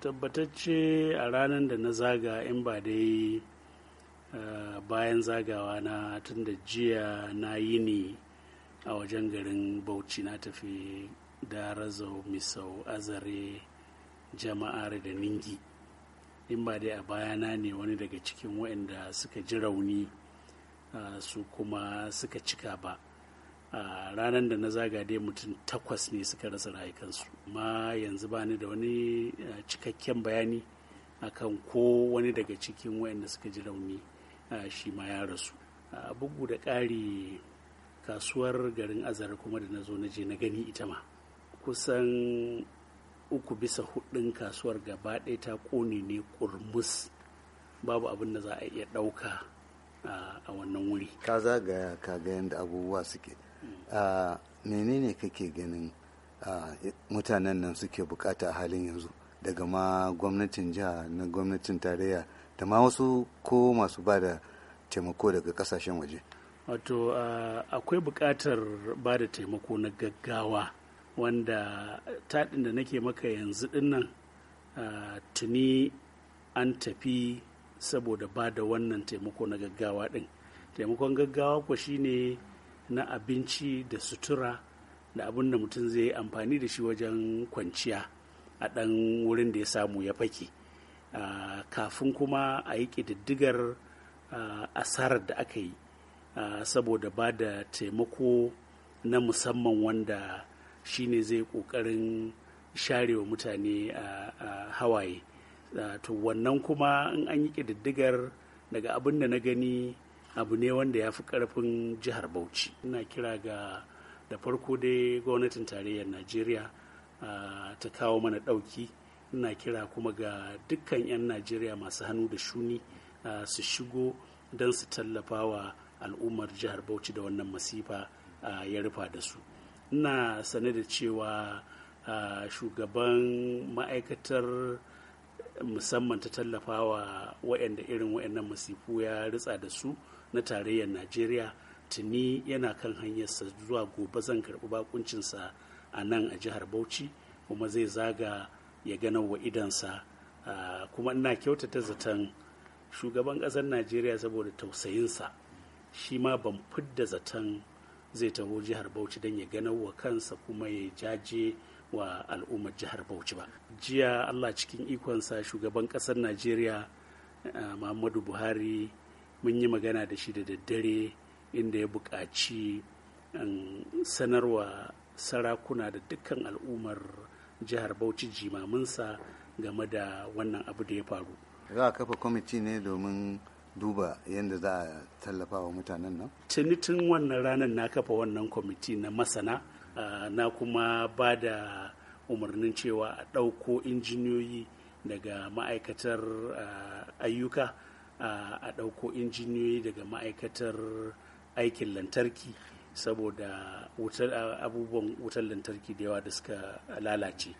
tabbatacce a ranar da na zaga in ba dai eh, bayan zagawa na tun da jiya na yi ni a wajen garin bauchi na tafi da razau misau azare jama'ar da ningi in ba dai a bayana ne wani daga cikin waɗanda suka ji rauni eh, su kuma suka cika ba a ranar da na zaga dai mutum takwas ne suka rasa rayukansu ma yanzu ba ni da wani eh, cikakken bayani akan ko wani daga cikin wayanda suka ji rauni eh, shi ma ya rasu bugu da ƙari kasuwar garin azara kuma da na zo na je na gani ita ma kusan uku bisa hudun kasuwar gaba ɗaya ta ƙone ne ƙurmus babu abin da za a iya ɗauka eh, a wannan wuri ka zagaya ka ga yadda abubuwa suke menene kake ganin mutanen nan suke bukata a halin yanzu daga ma gwamnatin jiha na gwamnatin tarayya da ma wasu ko masu ba da taimako daga kasashen waje wato akwai bukatar ba da taimako na gaggawa wanda taɗin da nake maka yanzu dinnan tuni an tafi saboda ba da wannan taimako na gaggawa ɗin taimakon gaggawa ko shine na abinci da sutura da abin da mutum zai yi amfani da shi wajen kwanciya a ɗan wurin da ya samu ya faki ah, kafin kuma a yi ƙididdigar ah, asarar da aka yi ah, saboda ba da taimako na musamman wanda shi ne zai ƙoƙarin sharewa mutane a hawaye to wannan kuma in an yi ƙididdigar daga abin da na gani abu ne wanda ya fi karfin jihar bauchi ina kira ga da farko dai gwamnatin tarayyar najeriya ta kawo mana ɗauki ina kira kuma ga dukkan 'yan najeriya masu hannu da shuni su shigo don su tallafa wa al'ummar jihar bauchi da wannan masifa ya rufa da su ina sane da cewa shugaban ma'aikatar musamman ta tallafawa waɗanda irin waɗannan masifu ya ritsa da su na tarayyar najeriya tuni yana kan hanyarsa zuwa gobe zan karɓi bakuncinsa a nan a jihar bauchi kuma zai zaga ya gana wa idansa ah, kuma ina kyautata zaton shugaban ƙasar najeriya saboda tausayinsa shi ma ban fidda zaton zai taho jihar bauchi don ya ganar wa kansa kuma ya jaje wa al'ummar jihar bauchi ba jiya allah cikin ikonsa shugaban ƙasar najeriya eh, muhammadu buhari mun yi magana da shi da daddare inda ya buƙaci um, sanarwa sarakuna da dukkan al'ummar jihar bauchi jimaminsa game da wannan abu da ya faru za a kafa kwamiti ne domin duba yadda za a tallafa wa mutanen nan? tuni tun wannan ranar na kafa wannan kwamiti na masana na kuma ba da umarnin cewa a ɗauko injiniyoyi daga ma'aikatar ayyuka a ɗauko injiniyoyi daga ma'aikatar aikin lantarki saboda abubuwan wutar lantarki da yawa da suka lalace